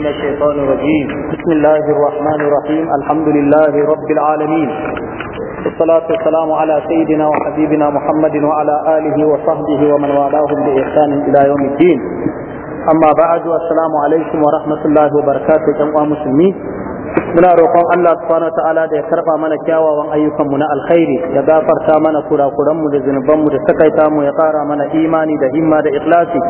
من الشيطان الرجيم بسم الله الرحمن الرحيم الحمد لله رب العالمين والصلاة والسلام على سيدنا وحبيبنا محمد وعلى آله وصحبه ومن والاهم بإحسان إلى يوم الدين أما بعد والسلام عليكم ورحمة الله وبركاته جمع مسلمين muna roƙon Allah subhanahu ta'ala da ya karɓa mana kyawawan ayyukanmu na alkhairi ya gafarta mana kurakuranmu da zunuban mu da takaita mu ya ƙara mana imani da himma da ikhlasi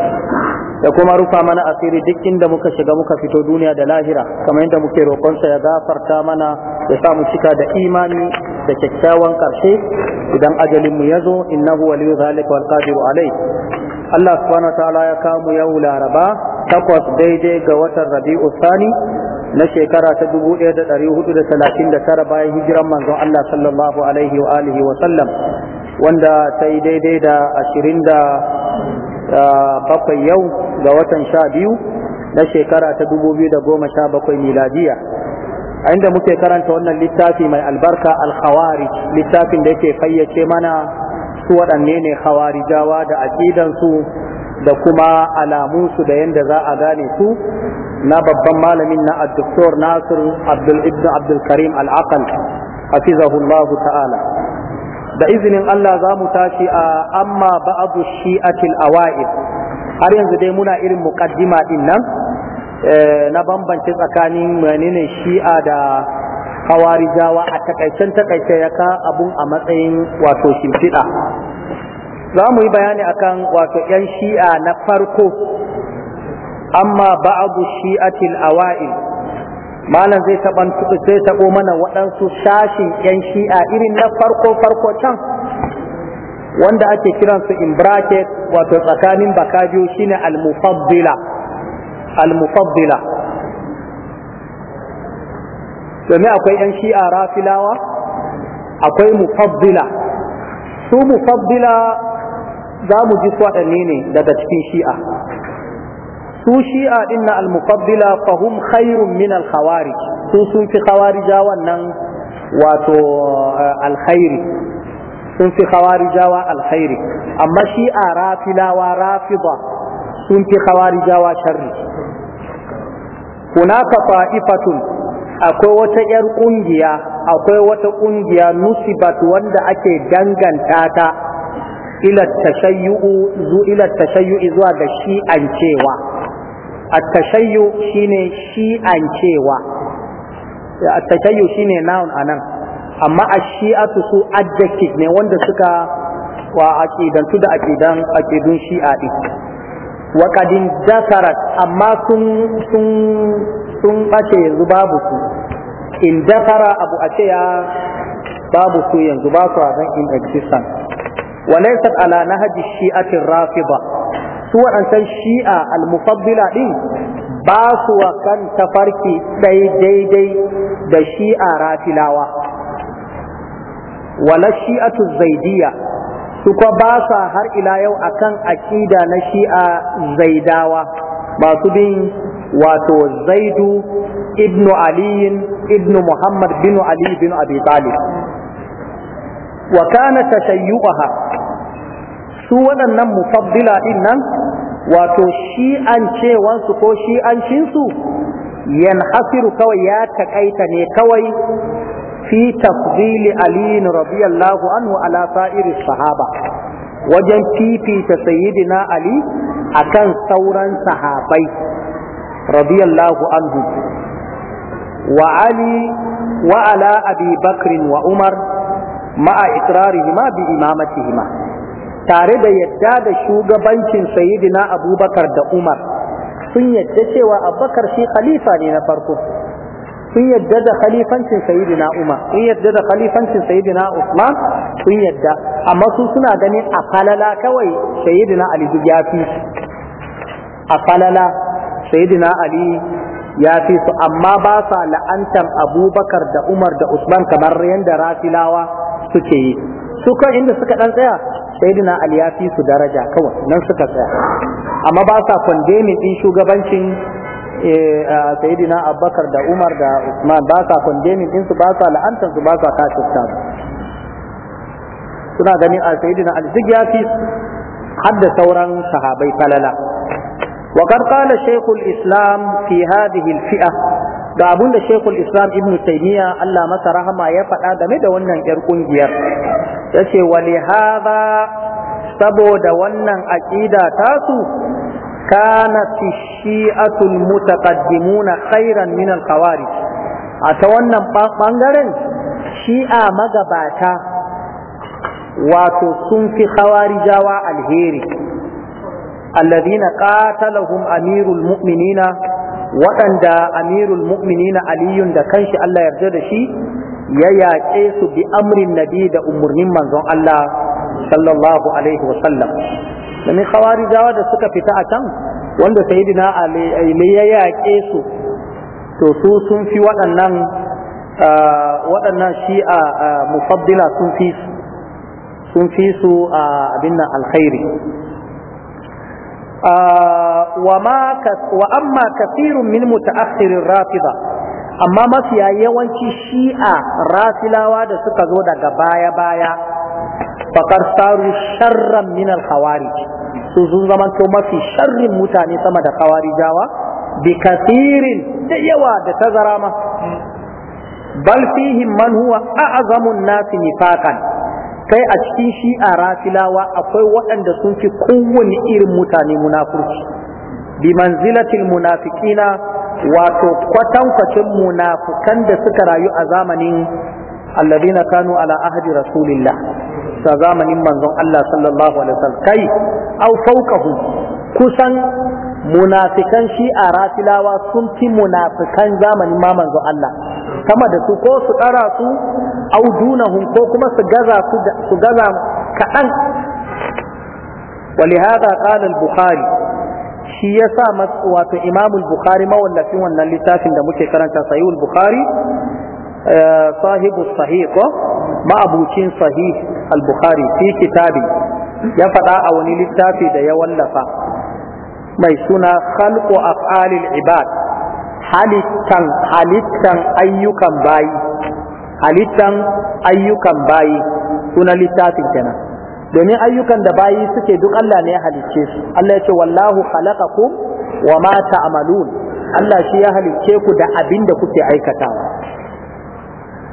da kuma rufa mana asiri duk inda muka shiga muka fito duniya da lahira kamar yadda muke roƙonsa ya gafarta mana ya sa mu cika da imani da kyakkyawan ƙarshe idan ajalin mu zo innahu waliyu zalika wal qadiru alai Allah subhanahu ta'ala ya kamu yau Laraba takwas daidai ga watan Rabi'u Sani na shekara ta 1439 bayan hijiran manzon Allah sallallahu alaihi wa alihi wa sallam wanda ta yi daidai da 27 yau ga watan 12 na shekara ta 2017 miladiya a inda muke karanta wannan littafi mai albarka alkhawari littafin da yake fayyace mana su waɗanne ne khawarijawa da su. da kuma alamunsu da yadda za a gane su na babban malamin na addoktor nasir abdul ibn abdul karim al'aqal hafizahullah ta'ala da izinin Allah za mu tashi a amma ba'adu shi'atil awa'id har yanzu dai muna irin muqaddima din nan eh, na bambance tsakanin menene shi'a da hawarijawa a takaicen takaice ya ka abun a matsayin wato shimfiɗa za mu yi bayani akan wato 'yan shi'a na farko amma ba'adu shi'atil awa'il malam zai taban zai tabo mana waɗansu sashin 'yan shi'a irin na farko farko can wanda ake kiransu in bracket wato tsakanin baka biyu shine al-mufaddila al-mufaddila domin akwai 'yan shi'a rafilawa akwai mufaddila su mufaddila za mu ji waɗanne ne daga cikin shi'a su shi'a din na al-muqabbila fahum khairun min al-khawarij su sun fi khawarija wannan wato eh, alkhairi sun fi al alkhairi amma shi'a rafilawa rafida sun fi khawarijawa sharri hunaka fa'ifatun akwai wata yar kungiya akwai wata kungiya nusibat wanda ake danganta ta ila tashayyu zuwa ga shi'ancewa a tashayyu shine shi'ancewa a tashayyu shine noun anan amma a shi'atu su adjective ne wanda suka wa aqidantu da aqidan aqidun shi'a din wa qadin dasarat amma sun sun sun bace yanzu babu su in dasara abu ace ce ya babu su yanzu ba su a in existence walaysat ala nahji shi'ati rafida su waɗansan shi'a al-mufaddila din ba su wa kan tafarki ɗai daidai da shi'a rafilawa wala shi'atu zaidiya su ko ba har ila yau akan aƙida na shi'a zaidawa masu bin wato zaidu ibnu aliyin ibnu muhammad bin ali bin abi wa kana tashayyuha su waɗannan mufaddila din nan wato shi'ancewansu ko shi'ancinsu yanhasiru kawai ya taƙaita ne kawai fi tafdili aliyin radiyallahu anhu ala sa'iri sahaba wajen fifita sayyidina ali akan sauran sahabai radiyallahu anhu wa ali wa ala abi bakrin wa umar ma'a ikrarihima bi imamatihima tare da yadda da shugabancin sayyidina abubakar da umar sun yadda cewa abubakar shi khalifa ne na farko sun yadda da khalifancin sayyidina umar sun yadda da khalifancin sayyidina usman sun yadda amma su suna ganin a falala kawai sayyidina ali duk ya fi su. a falala sayyidina ali ya fi su amma ba sa la'antar abubakar da umar da usman kamar yadda rafilawa suke yi su kan inda suka dan tsaya sayyidina ali ya fi su daraja kawai nan suka tsaya amma ba sa condemning din shugabancin eh, sayyidina abubakar da umar da usman ba sa condemning din su ba sa la'antar su ba sa kafirta suna ganin a sayyidina ali duk ya fi har da sauran sahabai falala وقد قال شيخ الإسلام في هذه الفئة ga abun da islam ibn taymiya Allah masa rahama ya faɗa game da wannan yar ƙungiyar. yace wali hadha saboda wannan aqida tasu kanat shi'atul mutaqaddimuna khairan min al khawarij a ta wannan bangaren shi'a magabata wato sun fi khawarijawa alheri alladhina qatalahum amirul mu'minina waɗanda amirul mu'minina aliyun da kanshi Allah yarda da shi ya yaƙe su bi amrin nabi da umarnin manzon Allah sallallahu alaihi wasallam domin khawarijawa da suka fita a can wanda sayidina ali ya yaƙe su to su sun fi waɗannan waɗannan shi'a mufaddila sun fi su sun fi su a abin nan alkhairi wa amma kasirun min mutaakhirir rafida amma mafiya yawanci shi'a rafilawa da suka zo daga baya baya fakar saru sharran min al su sun zama to mafi sharrin mutane sama da khawarijawa bi kasirin da yawa da tazara ma bal fihim man huwa a'zamun nasi nifaqan kai a cikin shi a rafilawa akwai waɗanda sun fi kowane irin mutane munafurci bi manzilatil munafiqina wato kwatankwacin munafukan da suka rayu a zamanin alladina kanu ala ahdi rasulillah sa zamanin manzon Allah sallallahu alaihi wasallam kai au fawqahu kusan munafikan a rafilawa sun fi munafikan zamanin ma manzon Allah sama da su ko su ɗara su au dunahum ko kuma su gaza su gaza kaɗan ولهذا قال البخاري shi ya sa wato imamul bukhari mawallafin wannan littafin da muke karanta sahihul bukhari eh, sahibu sahih ko ma'abucin sahih al-bukhari fi kitabi ya faɗa a wani littafi da ya wallafa mai suna khalqu af'alil ibad halittan halittan ayyukan bayi halittan ayyukan bayi kuna littafin kenan domin ayyukan da bayi suke duk Allah ne ya halicce su Allah ya ce wallahu khalaqakum wa ma ta'malun Allah shi ya halicce ku da abin da kuke aikatawa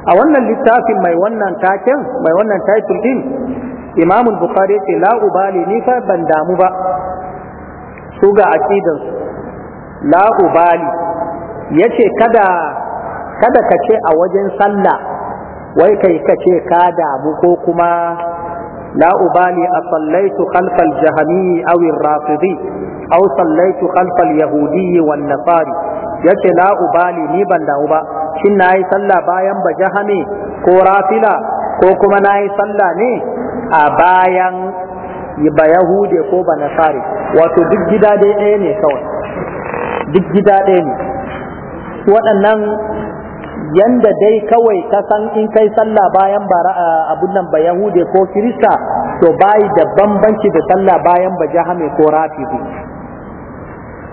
a wannan littafin mai wannan taken mai wannan title din Imam Bukhari ce la ubali ni fa ban damu ba su ga aqidan la ubali ya ce kada kada ka ce a wajen sallah wai kai ka ce ka damu ko kuma la'ubali ubali a sallaitu khalfal jahami awin rafidi au sallaitu khalfal yahudi wan nasari yace la ubali ni ban damu ba shin nayi sallah bayan jahame ko rafila ko kuma nayi sallah ne a bayan ba yahude ko ba nasari wato duk gida dai ɗaya ne kawai duk gida ɗaya ne waɗannan yanda dai kawai ka san in kai sallah bayan bara abun nan ba yahude ko kirista to bai da bambanci da sallah bayan ba jahame ko rafidi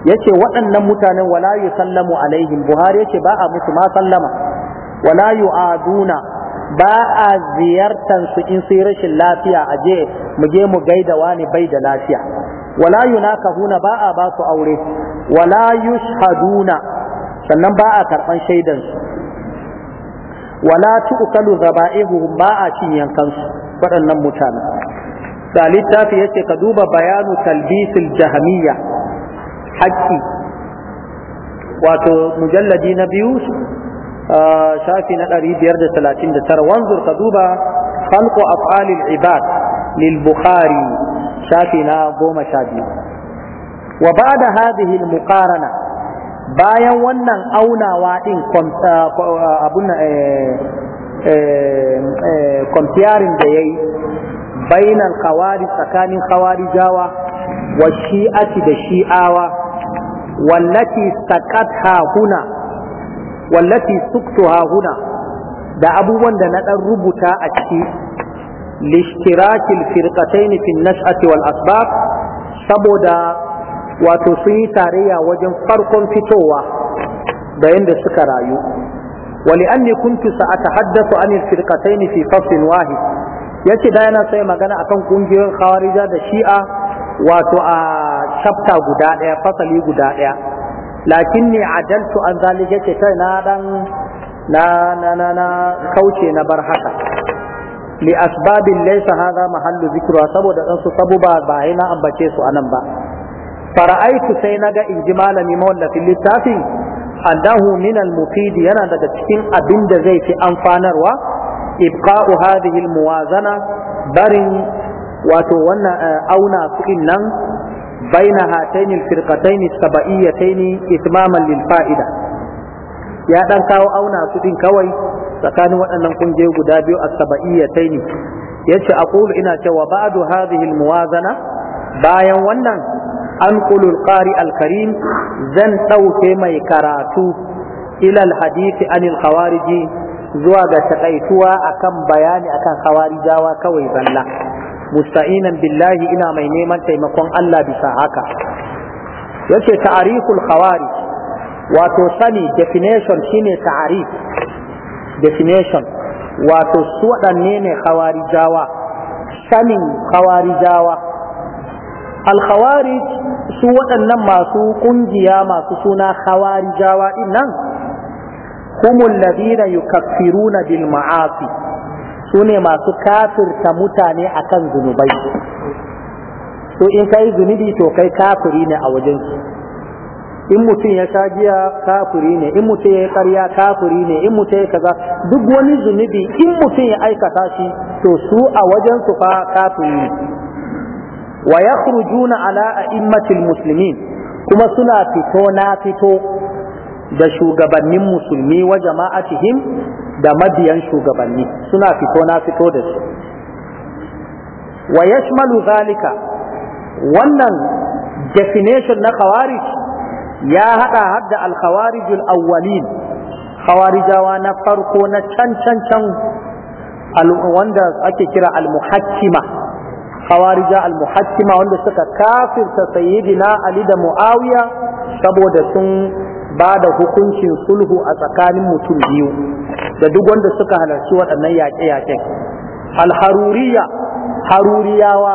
yace waɗannan mutanen wala yusallamu alaihim buhari yace ba a musu ma sallama wala yu'aduna ba a ziyartan su in sai rashin lafiya a je mu je mu gaida wani bai da lafiya wala yunakahuna ba a ba su aure wala yushhaduna sannan ba a karɓan shaidansu wala tu'kalu zaba'ihuhum ba a cin yankansu waɗannan mutane da littafi yace ka duba bayanu talbisul jahamiyya haƙƙi wato mujalladi na biyu shafi na 539 wanzur ka duba khalqu af'alil ibad lil bukhari shafi na 12 wa ba'da hadhihi al muqarana bayan wannan aunawa ɗin ah, kwamfiyarin ah, eh, eh, eh, da ya yi bainal kawari tsakanin kawari jawa wa shi'ati da shi'awa wallati sakat huna wallati suktu huna da abubuwan da na ɗan rubuta a ciki lishtirakil firqatayn fi nash'ati wal asbab saboda wato sun yi tarayya wajen farkon fitowa da yadda suka rayu wali anni kuntu an anil ne fi wahi Ya ce da yana sai magana akan kungiyoyin khawarija da shi'a wato a shafta guda daya fasali guda daya a ne an zalika ce kai na dan na na na na kauce na bar haka li asbabin laysa hadha mahallu dhikra saboda dan su sabuba ba ina ambace su anan ba fara'aitu sai na in ji malami mawallafin littafi annahu min al-mufid yana daga cikin abin da zai fi amfanarwa ibqa'u hadhihi al-muwazana barin wato wannan eh, auna kuɗin nan baina hataini al-firqataini sabaiyataini itmaman lil fa'ida ya dan kawo auna kuɗin kawai tsakanin waɗannan kungiyoyi guda biyu as-sabaiyataini yace aqulu ina cewa ba'du hadhihi al-muwazana bayan wannan anqulul qari al-karim zan ɗauke mai karatu ilal hadisi anil khawariji zuwa ga takaituwa akan bayani akan khawarijawa kawai zalla musta'inan billahi ina mai neman taimakon Allah bisa haka yace ta'ariful khawarij wato sani definition shine ta'arif definition wato su ne khawarijawa sanin khawarijawa al khawarij su waɗannan masu ƙungiya masu suna hawari jawa nan humul ladina yukaffiruna bil ma'asi su ne masu kafirta mutane akan zunubai to in kai zunubi to kai kafiri ne a wajen su, in mutum ya sha giya kafiri ne in mutum ya karya kafiri ne in mutum ya kaza duk wani zunubi in mutum ya aikata shi to su a wajen su fa kafiri ne wa yakhrujuna ala a'immatil musulmin, kuma suna fito na fito da shugabannin musulmi wa jama'atihim da mabiyan shugabanni suna fito na fito da su wa yashmalu zalika wannan definition na khawarij ya hada hadda al-khawarijul awwalin khawarijawa na farko na can can can wanda ake kira al-muhakkima khawarija al-muhakkima wanda suka kafirta sayyidina ali da muawiya saboda sun ba da hukuncin sulhu a tsakanin mutum biyu da duk wanda suka halarci waɗannan yaƙe yaƙe alharuriya haruriyawa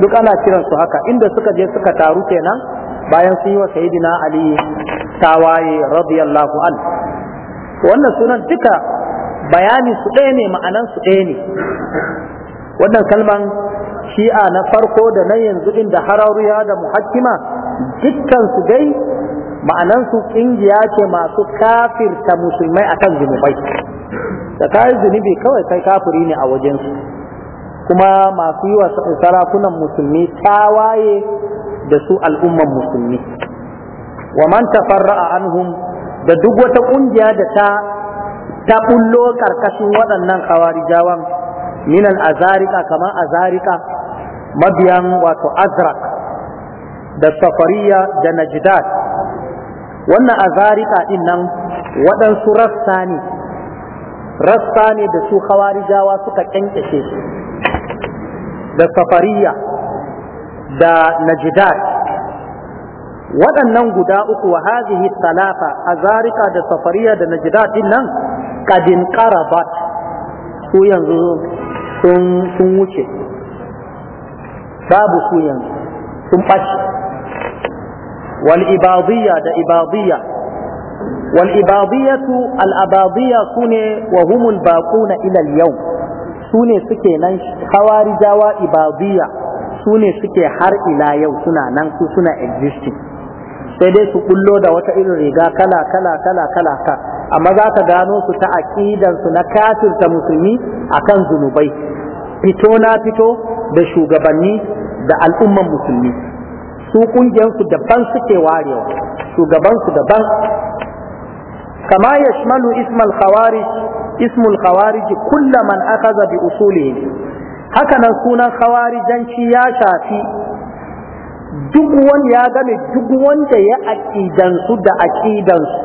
duk ana kiransu haka inda suka je suka taru kenan bayan sun yi wa sayyidina ali tawaye radiyallahu an wannan sunan duka bayani su ɗaya ne ma'anan su ɗaya ne wannan kalman shi'a na farko da na yanzu inda da hararuya da muhakkima dukkan su dai ma'anansu ƙungiya ce masu kafirta musulmai akan zunubai da kayan zunubi kawai kai kafiri ne a wajensu kuma masu yi wa sarakunan musulmi tawaye da su al'umman musulmi wa man tafarra'a anhum da duk wata ƙungiya da ta ta bullo karkashin waɗannan kawarijawan minal azarika kama azarika mabiyan wato azrak da safariya da Najdad, wannan azarika din nan waɗansu rasta ne rasta ne da su hawarijawa suka kyankyashe su da safariya da Najdad. waɗannan guda uku wa hadhihi talafa azarika da safariya da Najdad din nan kadin qarabat su yanzu sun wuce babu su yanzu sun ɓaci wal ibadiyya da ibadiyya wal ibadiyatu al abadiyya sune wa humul baquna ila al yau sune suke nan hawarijawa ibadiyya sune suke har ila yau suna nan su suna existing sai dai su kullo da wata irin riga kala kala kala kala ka amma za ka gano su ta aqidan su na kafirta musulmi akan zunubai fito na fito da shugabanni da al'umman musulmi su kungiyarsu daban suke warewa shugabansu daban kama ya shmalu ismul khawarij ismul khawarij kulla man akaza bi usulihi haka nan sunan khawarijanci ya shafi duk wani ya game duk wanda ya aƙidansu da aqidansu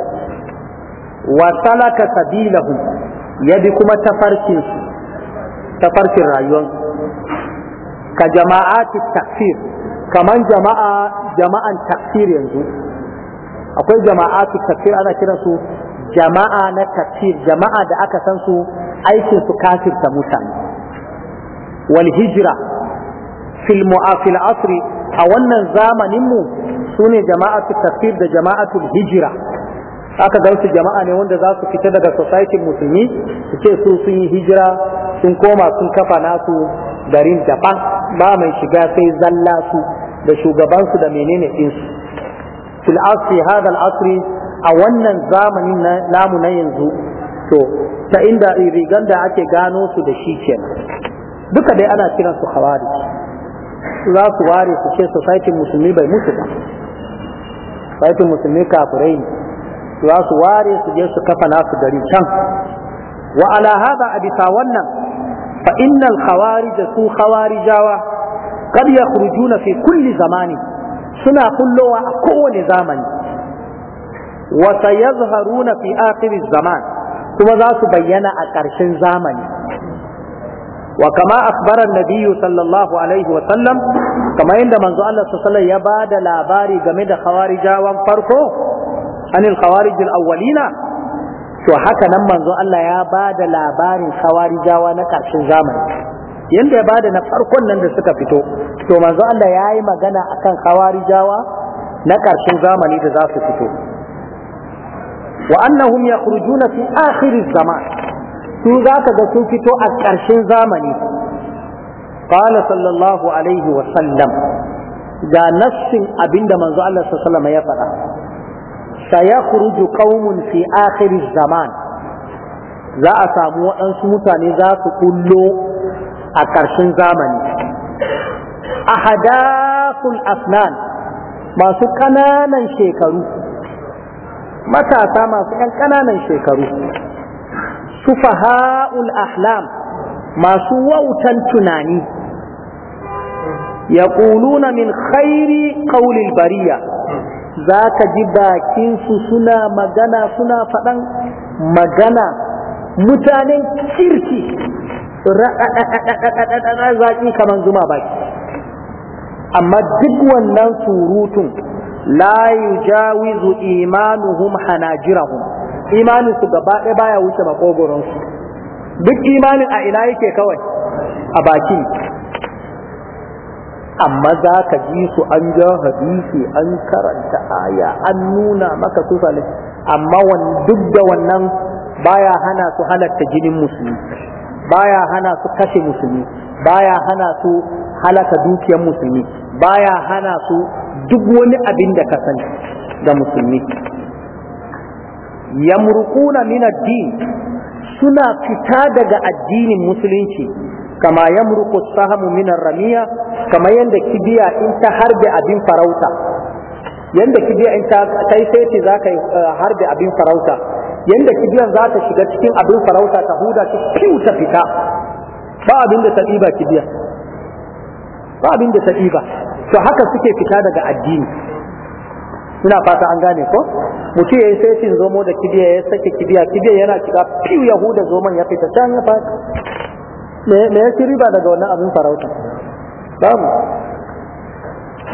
wa salaka sabilahu ya bi kuma tafarkinsu tafarkin rayuwarsu ka ta takfir kamar jama'a jama'an takfir yanzu akwai jama'a jama'atu takfir ana kiran su jama'a na takfir jama'a da aka san su aikin su kafirta mutane wal hijra fil mu'afil asri a wannan zamanin mu sune jama'atu takfir da jama'atul hijira. aka gansu jama'a ne wanda za su fita daga society musulmi su ce su sun yi hijira sun koma sun kafa nasu garin japan ba mai shiga sai zalla su da shugabansu da menene ɗinsu fil asri hadha al asri a wannan zamanin namu na yanzu to ta inda rigan da ake gano su da shi kenan duka dai ana kiran su khawarij za su ware su ce society musulmi bai mutu ba society musulmi kafirai ne za su ware su je su kafa nasu gari can wa ala hada a bisa wannan fa innal da su khawarijawa kad yakhrujuna fi kulli zamani suna kullowa a kowane zamani wa sayazharuna fi akhir zaman kuma za su bayyana a ƙarshen zamani wa kama Nabiyu nabiy sallallahu alaihi wa sallam kama inda manzo Allah sallallahu alaihi ya bada labari game da khawarijawan farko anil khawarijil awwalina to haka nan manzo Allah ya ba da labarin khawarijawa na ƙarshen zamani yanda ya ba da na farkon nan da suka fito to manzo Allah ya yi magana akan khawarijawa na ƙarshen zamani da za su fito wa annahum yakhrujuna fi akhir zaman su za ka ga sun fito a ƙarshen zamani qala sallallahu alaihi wa sallam ga nassin abinda manzo Allah sallallahu alaihi wa sallam ya faɗa sayakhruju qaumun fi akhir zaman za a samu waɗansu mutane za su kullo a ƙarshen zamani ahadathul asnan masu ƙananan shekaru matasa masu ƴan ƙananan shekaru sufaha'ul ahlam masu wautan tunani yaquluna min khairi qawlil bariya za ka ji bakinsu suna magana suna faɗan magana mutanen kirki zaƙi kamar zuma baki amma duk wannan surutun la yujawizu imanuhum hanajirahum imaninsu gaba ɗaya baya wuce makogoronsu duk imanin a ina yake kawai a baki amma za ka ji su an ja hadisi an karanta aya an nuna maka su amma duk da wannan baya hana su halatta jinin musulmi baya hana su kashe musulmi baya hana su halaka dukiyar musulmi baya hana su duk wani abin da ka sani ga musulmi yamurkuna min addini suna fita daga addinin musulunci kama yamruku sahamu min ramiya kama yanda kibiya in ta harbe abin farauta yanda kibiya in ta kai sai za ka eh, harbe abin farauta yanda kibiyan za ta shiga cikin abin farauta ta huda ta fiu ta fita ba abin da ta ɗiba kibiya ba abin da ta ɗiba to haka suke fita daga addini ina fata an gane ko mutum ya yi saitin zomo da kibiya ya sake kibiya kibiya yana shiga fiw yahuda zoman ya fita can ya fata me ya ci riba daga wannan abin farauta babu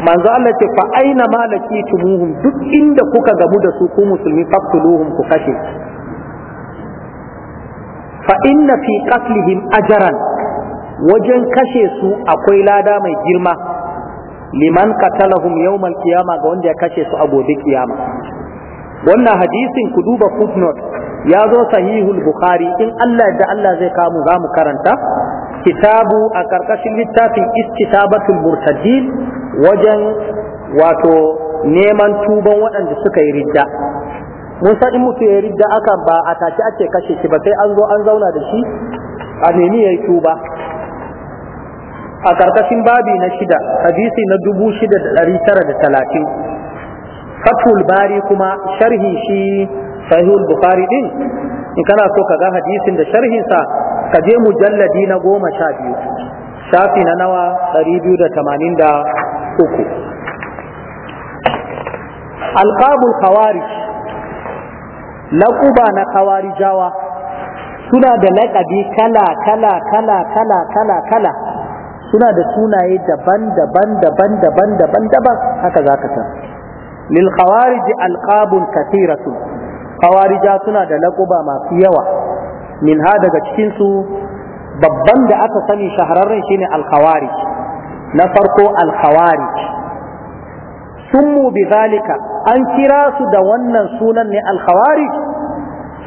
manzo Allah ce fa aina malaki tumuhum duk inda kuka gamu da su ku musulmi faqtuluhum ku kashe fa inna fi qatlihim ajran wajen kashe su akwai lada mai girma liman qatalahum yawmal qiyamah ga wanda ya kashe su a gobe kiyama wannan hadisin ku duba footnote ya zo sahihul bukhari in Allah da Allah zai kamu za mu karanta kitabu a karkashin littafin istitabatul murtadin wajen wato neman tuban waɗanda suka yi ridda mun san in mutu ya ridda akan ba a take ake kashe shi ba sai an zo an zauna da shi a nemi ya yi tuba a karkashin babi na shida hadisi na dubu shida da ɗari tara da talatin fatul bari kuma sharhi shi sahihul bukhari din in kana so ka ga hadisin da sharhinsa ka je mujalladi na goma sha biyu shafi na nawa ɗari biyu da tamanin da uku alƙabul khawarij laƙuba na khawarijawa suna da laƙabi kala kala kala kala kala kala suna da sunaye daban-daban daban-daban daban-daban haka za ka san lil khawarij alqabun kathiratun kawarija suna da laƙuba masu yawa min ha daga cikinsu babban da aka sani shahararren shine alkhawarij na farko alkhawarij summu bi zalika an kira su da wannan sunan ne alkhawarij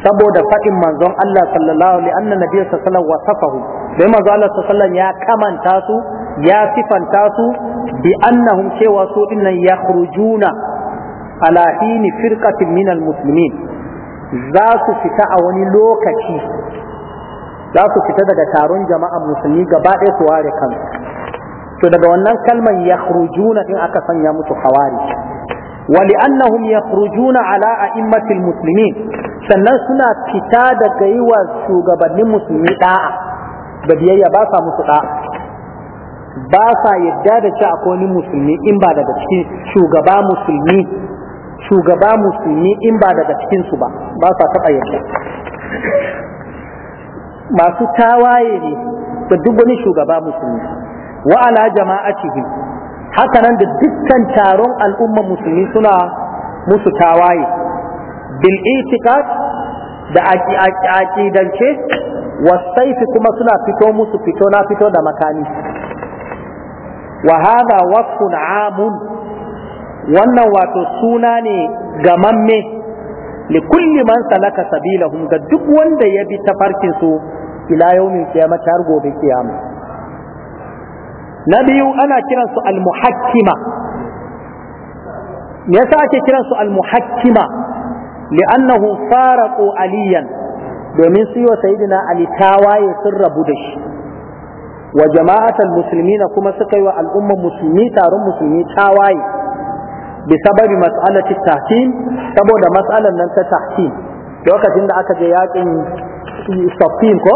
saboda faɗin manzon Allah sallallahu alaihi anna nabiyyu sallallahu alaihi wasafahu dai manzon Allah sallallahu ya kamanta su ya sifanta su bi annahum cewa su dinnan yakhrujuna ala hini firqatin minal muslimin za su fita a wani lokaci za su fita daga taron jama'a musulmi gaba ɗaya su ware kansu to daga wannan kalmar yakhrujuna in aka sanya musu hawari wa li'annahum yakhrujuna ala a'immatil musulmi, sannan suna fita daga yi wa shugabannin musulmi da'a da biyayya ba sa musu da'a ba sa yadda da ci akwai musulmi in ba daga cikin shugaba musulmi shugaba musulmi in ba daga cikinsu ba ba sa taɓa yarda masu tawaye ne da duk wani shugaba musulmi wa ala haka nan da dukkan taron al'umma musulmi suna musu tawaye bil itiqad da aqidance wasaifi kuma suna fito musu fito na fito da makami wa hada wasfun amun wannan wato suna ne ga mamme li kulli man salaka sabilahum ga duk wanda ya bi tafarkin su ila yawmin qiyamah har gobe kiyama na biyu ana kiran su al-muhakkima me yasa ake kiran su al-muhakkima fara faraqu aliyan domin su yi wa sayyidina ali tawaye sun rabu da shi wa jama'atul muslimina kuma suka yi wa al'ummar musulmi taron musulmi tawaye bisababi mas'alati tahkim saboda mas'alan nan ta tahkim lokacin da aka je yakin saffin ko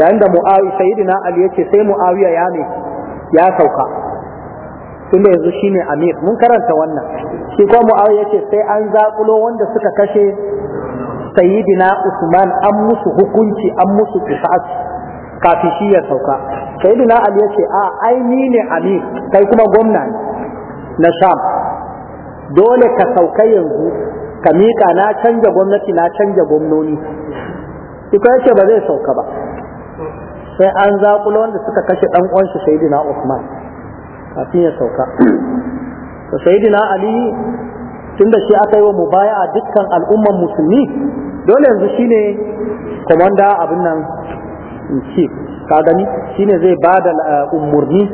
yayin da mu'awi sayyidina ali yake sai mu'awiya ya ne ya sauka tunda yanzu shine amir mun karanta wannan shi ko mu'awiya yace sai an zakulo wanda suka kashe sayyidina usman an musu hukunci an musu qisas kafin shi ya sauka sayyidina ali yake a ai ni ne amir kai kuma gwamna na sham dole ka sauka yanzu ka mika na canja gwamnati na canja gwamnoni iko yace ba zai sauka ba sai an zakulo wanda suka kashe dan uwan shi sayyidina a kafin ya sauka to sayyidina Ali tunda shi aka yi wa a dukkan al'umman musulmi dole yanzu shine komanda abin nan in ka gani shine zai ba da uh, umurni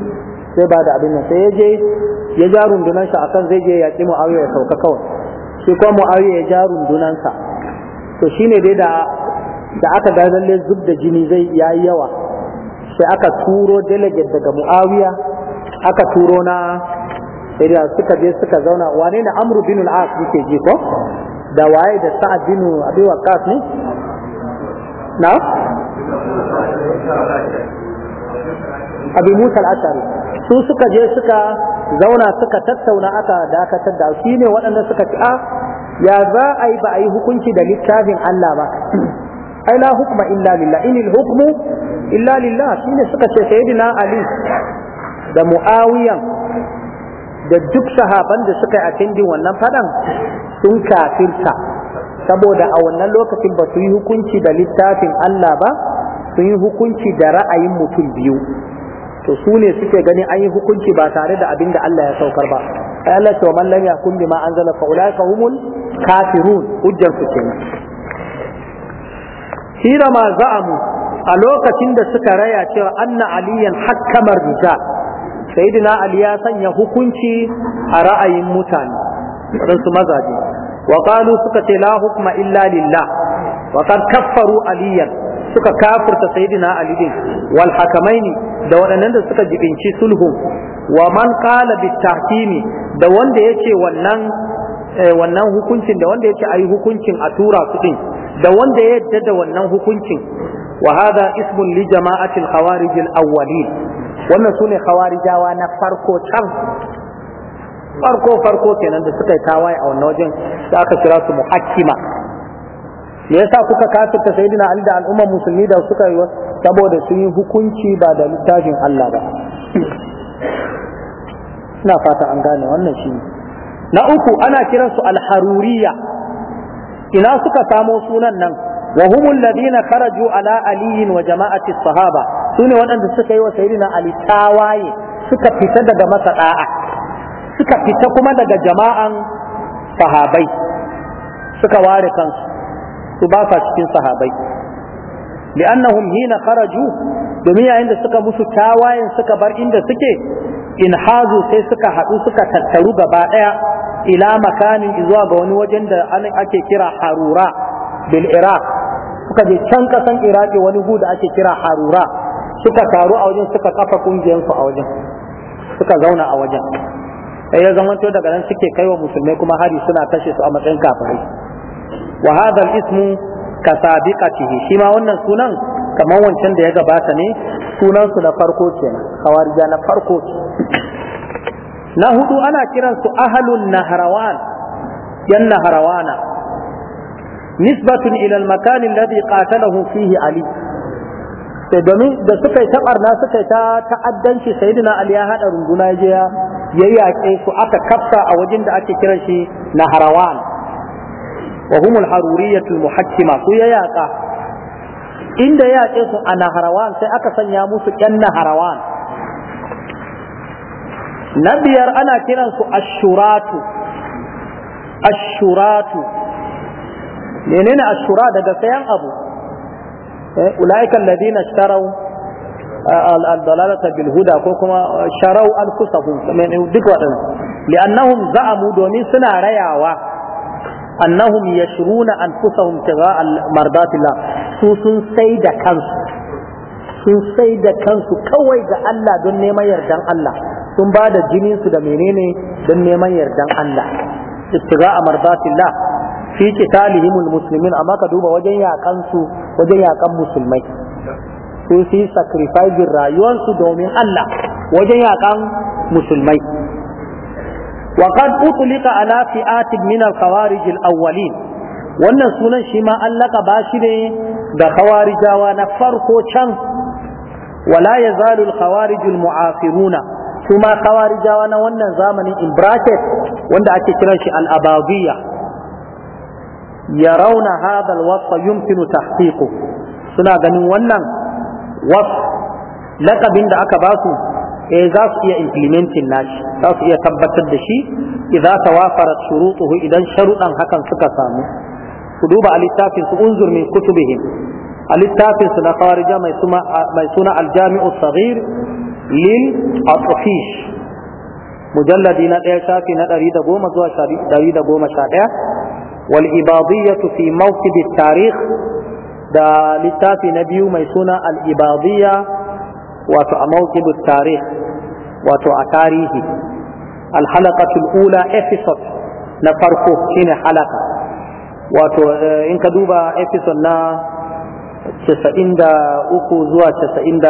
sai ba da abin nan sai ya je ya ja rundunan sa akan zai je ya ki muawiya ya sauka kawai shi kuma muawiya ya ja rundunan sa to shine dai da da aka ga lalle zub da jini zai yayi yawa sai aka turo delegate daga muawiya aka turo na da suka je suka zauna wane ne amru bin al-as yake ji ko da waye da sa'ad bin abi waqas ne na abi musa al-ashari su suka je suka zauna suka tattauna aka dakatar da shi ne waɗanda suka ci a ya za a yi ba a yi hukunci da littafin Allah ba ai la hukma illa lillah inil hukmu illa lillah ne suka ce sayyidina ali da muawiyan da duk sahaban da suka yi a attending wannan fadan sun kafirta saboda a wannan lokacin ba su yi hukunci da littafin Allah ba su yi hukunci da ra'ayin mutum biyu to su ne suke gani an yi hukunci ba tare da abin da Allah ya saukar ba ai Allah ce wa man lam yahkum bima anzala fa ulaika humul kafirun hujjar su kenan hira ma za'amu a lokacin da suka raya cewa anna aliyan hakkamar rija, sayyidina ali ya sanya hukunci a ra'ayin mutane su mazaje wa qalu suka ce la hukma illa lillah wa qad kaffaru aliyan suka kafirta sayyidina ali din wal hakamaini da waɗannan da suka jibinci sulhu wa man qala tahkimi da wanda yace wannan eh, wannan hukuncin da wanda yace ayi hukuncin a tura su din da wanda ya yadda da wannan hukuncin wa hadha ismun li jama'ati al-khawarij al-awwalin wannan sune khawarijawa na farko can farko farko kenan da suka yi tawaye a wannan wajen da aka kira su muhakkima me yasa kuka kafirta sayyidina Ali da al'ummar musulmi da suka yi saboda sun yi hukunci ba da littafin Allah ba ina fata an gane wannan shi na uku ana kiransu al-haruriya ina suka samo sunan nan wa humul ladina kharaju ala aliyin wa jama'ati sahaba sune waɗanda suka yi wa sayyidina Ali tawaye suka fita daga masa da'a suka fita kuma daga jama'an sahabai suka ware kansu su ba sa cikin sahabai li'annahum hina kharaju domin yayin da suka musu tawayen suka bar inda suke in hazu sai suka haɗu suka tattaru gaba ɗaya ila makanin zuwa ga wani wajen da ake kira harura bil iraq suka je can kasan iraki wani hu da ake kira harura suka taru a wajen suka kafa kungiyansu a wajen suka zauna a wajen sai ya zamanto daga nan suke kai wa musulmai kuma hari suna kashe su a matsayin kafirai wa ismu ka sabiqatihi shi ma wannan sunan kamar wancan da ya gabata ne sunan na farko kenan khawarija na farko na hudu ana kiransu su ahlun nahrawan yan nahrawana nisbatun ila al-makan alladhi qatalahu fihi ali sai domin da suka yi taɓarna suka yi ta ta'addanci sayyidina ali ya haɗa runduna ya ya yaƙe su aka kafsa a wajen da ake kiran shi nahrawan wa humul haruriyatul muhakkima su ya yaƙa inda ya yaƙe su a naharawan sai aka sanya musu ƴan naharawan na biyar ana kiransu ashuratu ashuratu menene ashura daga sayan abu eh, ulaika alladhina ishtaraw al-dalalata bil ko kuma uh, sharaw anfusahum duk wadannan li'annahum za'amu domin suna rayawa annahum yashruna anfusahum tigha mardatillah su sun sai da kansu sun sai da kansu kawai ga Allah don neman yardan Allah sun ba da jininsu da menene don neman yardan Allah istiga mardatillah fi qitalihim almuslimin amma ka duba wajen yakan wajen yakan musulmai sun su sacrifice rayuwarsu domin Allah wajen yakan musulmai وقد أطلق على فئات من الخوارج wannan sunan shi ma an laƙaba shi ne da khawarijawa na farko can wala ya zalul khawarijul mu'afiruna su ma na wannan zamanin in wanda ake kiran shi al'abadiyya ya rauna hadal wasfa yumkinu tahqiqu suna ganin wannan wasf laƙabin da aka basu eh za su iya implementing nashi za su iya tabbatar da shi idza tawafarat shurutuhu idan sharuɗan hakan suka samu Ku duba a littafin su unzur min kutubihim su na khawarija mai suna aljami'u saghir lil atfish mujalladi na daya shafi na ɗari da goma zuwa sha ɗaya wal ibadiyyatu fi mawqidi tarikh da littafi na biyu mai suna al ibadiyya wato a mawqibut tarikh wato a tarihi alhalaqatul ula episode na farko shine halaka wato eh, in ka duba episode na 93 zuwa 96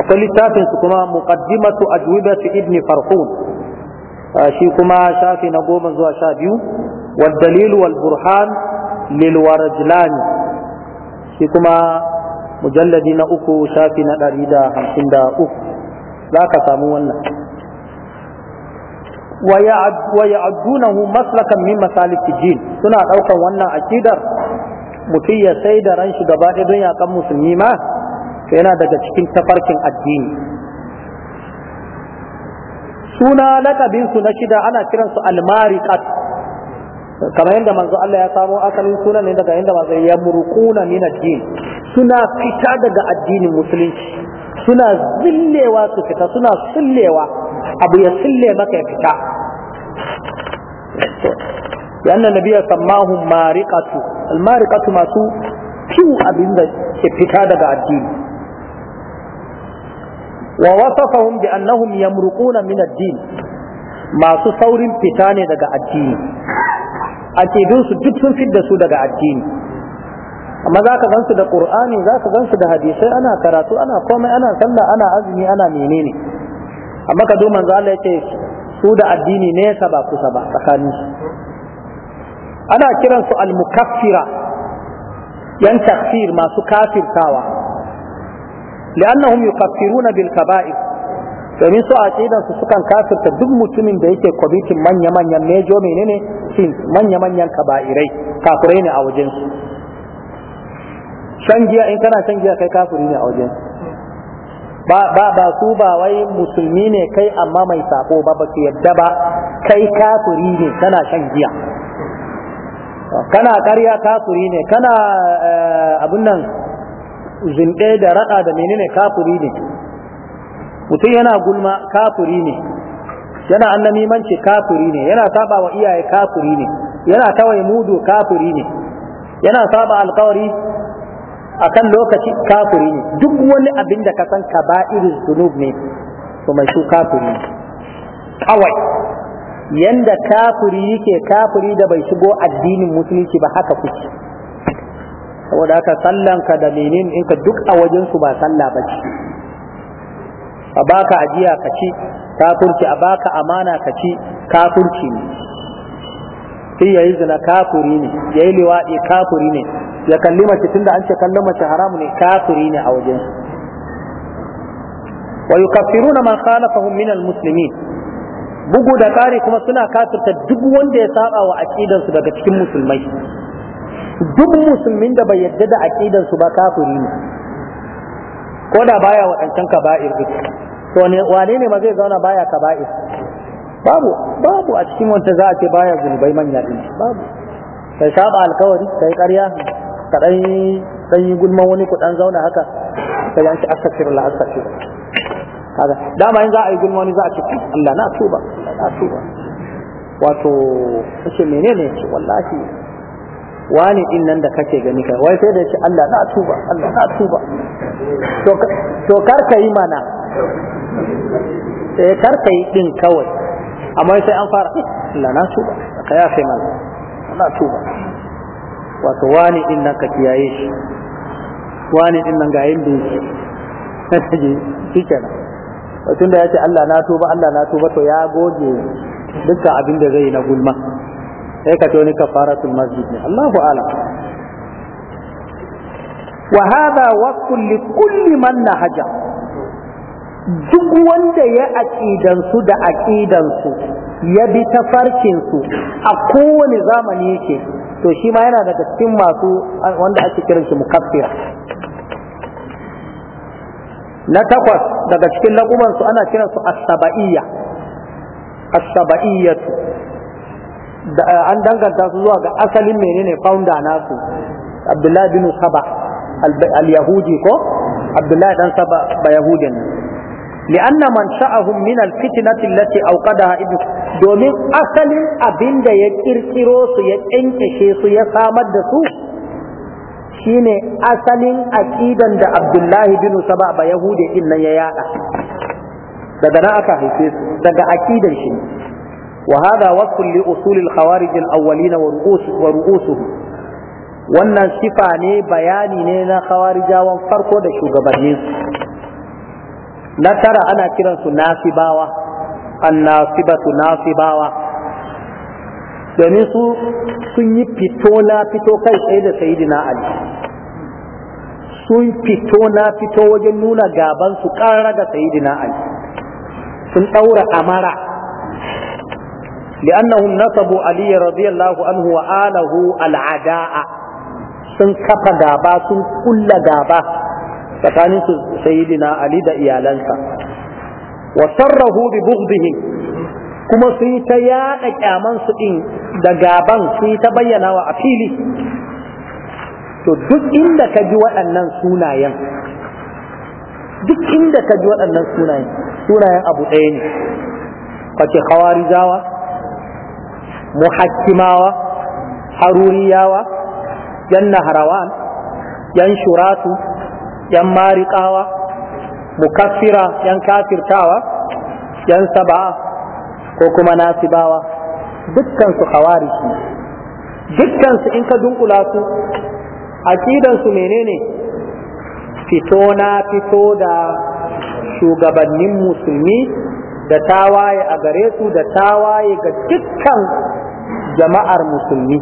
akwai littafin su kuma muqaddimatu ajwibati ibn farhun eh, shi kuma shafi na goma zuwa sha biyu wa dalil wal burhan lil warajlani shi kuma mujalladi na uku shafi na ɗari da hamsin da uku za ka samu wannan wa ya'addunahu maslakan min masaliki din suna ɗaukan wannan akidar mutum ya sai da ran shi gaba ɗaya don yakan musulmi ma to yana daga cikin tafarkin addini suna lakabinsu na shida ana kiransu almariqat kamar yadda manzo Allah ya samo asalin sunan ne daga yadda ba ya yamruquna min ad-din suna fita daga addinin musulunci suna zillewa su fita suna sullewa abu ya sulle maka ya fita yannan nabiya sammahun mariƙatu almariƙatu masu fiw abin da ke fita daga addini wa wasafahum bi annahum yamruquna min ad masu saurin fita ne daga addini a su duk sun fidda su daga addini amma za ka gansu da Kur'ani, za ka gansu da hadisai ana karatu ana komai ana sallah ana azumi ana menene amma ka duba manzo su da addini ya ba kusa ba tsakanin su ana kiransu al-mukaffira yan takfir masu kafirtawa li'annahum yukaffiruna bil kaba'ir domin su a su sukan kafirta duk mutumin da yake kwabitin manya-manyan mejo menene sin manya-manyan kaba'irai kafirai ne a wajensu shan giya in kana shan giya kai kafiri ne a wajen ba ba ba su ba wai musulmi ne kai amma mai sako ba ba yadda ba kai kafiri ne kana shan giya kana ƙarya kafiri ne kana eh, abun nan zinɗe da raɗa da menene kafiri ne mutum yana gulma kafiri ne yana annamimanci kafiri ne yana saba wa iyaye kafiri ne yana tawai mudu kafiri ne yana saba alkawari akan lokaci kafiri ne duk wani abin da ka san kaba'irul zunub ne to mai su kafiri kawai yanda kafiri yake kafiri da bai shigo addinin musulunci ba haka kuke saboda haka sallan ka da menene in ka duk a wajen su ba sallah ba ce a baka ajiya ka ci kafirci a baka amana ka ci kafirci ne sai yayi zina kafiri ne yayi liwaɗi kafiri ne ya kalli mace tunda an ce kallon mace haramu ne kafiri ne a wajen su wa yukaffiruna man khalafahum min almuslimin bugu da kare kuma suna kafirta duk wanda ya saba wa aqidan su daga cikin musulmai duk musulmin da bai yarda da aqidan su ba kafiri ne ko da baya waɗancan kaba'ir duk to wane ne ma zai zauna baya kaba'ir babu babu a cikin wanda za a ce baya zunubai manya din babu kai saba alkawari kai ƙarya Kaɗan dan yi gulman wani ku dan zauna haka ci yanci astaghfirullah astaghfirullah haka dama in za a yi gulman wani za a ci, Allah na tuba na tuba wato kace menene ce wallahi wani din nan da kake gani kai wai sai da ce Allah na tuba Allah na tuba to to kar ka yi mana eh kar ka yi din kawai amma sai an fara Allah na tuba ka sai mana na tuba wato wani in nan ka kiyaye shi wani in nan ga yin da yake shi kenan tun da ya ce Allah na tuba Allah na tuba to ya goge dukkan abin da zai na gulma sai ka ce wani kafaratul masjid ne Allahu ala wa hada wasfun li kulli man nahaja duk wanda ya su da su ya bi su a kowane zamani yake to shi ma yana daga cikin masu wanda ake kiran shi mukaffira na takwas daga cikin laƙuman ana kiran su asaba'iyya asaba'iyya an danganta su zuwa ga asalin menene founder nasu abdullahi bin saba al-yahudi ko abdullahi dan saba ba yahudin li'anna man sha'ahum min al-fitnati allati awqadaha ibnu domin asalin abin da ya kirkiro su ya ƙyanƙyashe su ya samar da su shine asalin aƙidan da abdullahi bin saba ba yahudi din nan ya yada daga nan aka haife su daga aƙidan shi ne wa hada wasu li usul al khawarij al awwalin wa ru'usuhu wannan sifa ne bayani ne na khawarijawan farko da shugabanninsu na tara ana kiransu nasibawa annasibatu nasibawa domin su sun yi fito na fito kai sai da sayidina ali sun fito na fito wajen nuna gaban su ƙara da sayidina ali sun ɗaura amara li'annahum nasabu ali radiyallahu anhu wa alahu al'ada'a sun kafa gaba sun kulla gaba tsakanin su sayidina ali da iyalansa Wasan sarrahu bi bughdihim kuma su yi ta yaɗa ƙyamansu ɗin da gaban su yi ta bayyana wa a fili to duk inda ka ji waɗannan sunayen duk inda ka ji waɗannan sunayen sunayen abu ɗaya ne kwace khawarijawa muhakkimawa haruriyawa yan naharawan yan shuratu yan mariƙawa mukaffira yan kafirtawa yan saba'a ko kuma nasibawa dukkan su khawariji dukkan su in ka dunkula su aqidan su menene fito na fito da shugabannin musulmi da tawaye a gare su da tawaye ga dukkan jama'ar musulmi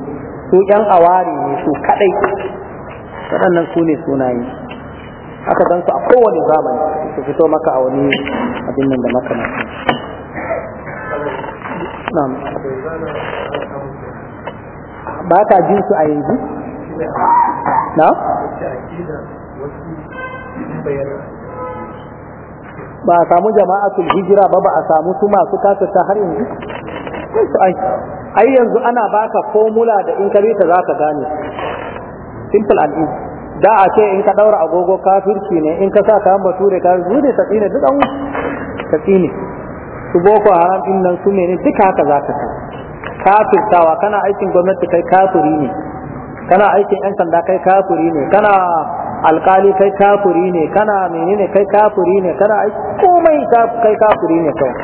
su yan awari ne su kadai waɗannan su ne sunayen aka san su a kowane zamani su fito maka a wani abin nan da maka na ba ka jin su a yanzu na ba a samu jama'a sun hijira ba ba a samu su masu ta har yanzu ai yanzu ana baka formula da in ka ta za ka gane simple and easy da a ce in ka daura agogo kafirci ne in ka sa kayan bature ka ne ta tsine duk an ta tsine su boko haram din nan su ne duka haka za ka ta kafirtawa kana aikin gwamnati kai kafiri ne kana aikin yan sanda kai kafiri ne kana alkali kai kafiri ne kana menene kai kafiri ne kana aiki komai kai kafiri ne kawai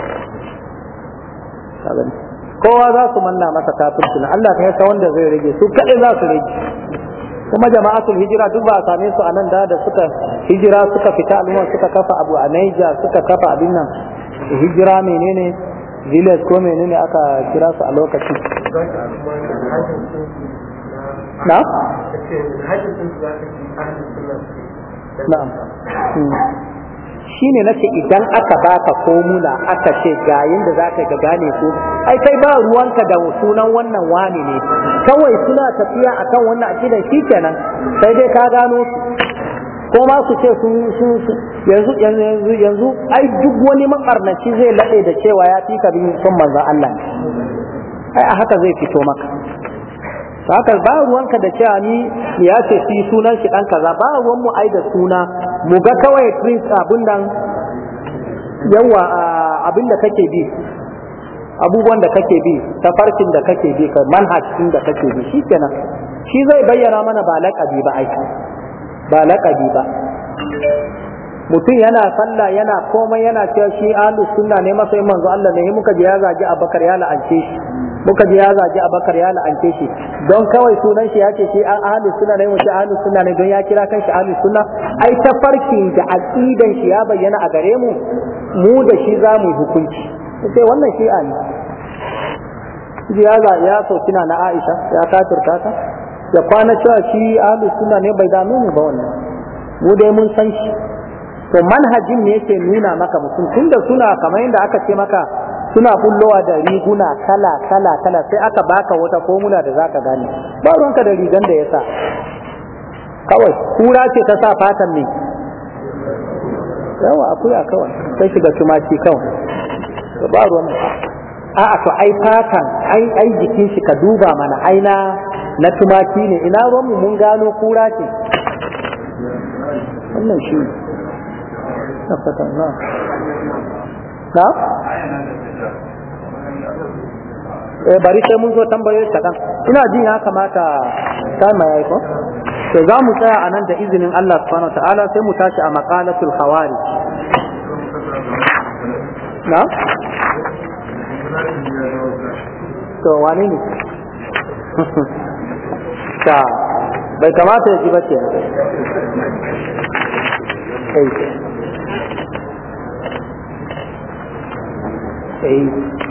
kowa za su manna masa kafirci na Allah ka yasa wanda zai rage su kaɗai za su rage kuma jama'atul hijira duk ba a same su a nan da da suka hijira suka fita al'umma suka kafa abu a naija suka kafa abin nan hijira menene village ko menene aka kira su a lokacin na shine nace idan aka baka komuna aka ce ga yanda zaka ga gane ko ai kai ba ruwanka da sunan wannan wani ne kawai suna tafiya akan wannan akida shikenan sai dai ka gano ko ma su ce sun yanzu yanzu yanzu ai duk wani makarnaci zai lade da cewa ya fi ka bin sun manzon Allah ai a haka zai fito maka haka ba ruwanka da cewa ni ya ce shi sunan shi dan kaza ba ruwan mu ai da suna mu ga kawai prince abun nan yawa abin da kake bi abubuwan da kake bi tafarkin da kake bi ka manhajin da kake bi shikenan shi zai bayyana mana ba laƙabi ba aiki ba laƙabi ba mutum yana sallah yana komai yana cewa shi ahlus sunna ne masa yin manzo Allah ne muka je ya zagi abakar ya la'ance shi muka ji ya zagi abakar ya la'ance shi don kawai sunan shi ya ce shi an ahlus sunna ne mushi ahlus sunna ne don ya kira kan shi ahlus sunna ai ta farki da aqidan shi ya bayyana a gare mu mu da shi za mu hukunci sai wannan shi an ji ya za ya so kina na Aisha ya kafirta ta ya kwana cewa shi ahlus sunna ne bai da mu ba wannan mu dai mun san shi to manhajin ne yake nuna maka mutum tunda suna kamar yadda aka ce maka suna kullowa da riguna kala kala kala sai aka baka wata komuna da zaka gane ba ruwanka da rigan da ya sa kawai kura ce ta sa fatan ne yawa akuya kawai sai shiga tumaki kawai da ba ruwan a a to ai fatan ai ai jikin shi ka duba mana ai na na tumaki ne ina ruwan mu mun gano kura ce wannan shi na fatan na na Eh, bari sai mun zo tambayoyi kaɗan ina jin ya kamata kama ya yi ko to za mu tsaya a nan da izinin Allah subhanahu wa ta'ala sai mu tashi a maqalatul hawari na to wani ne ta bai kamata ya ji ba ke E,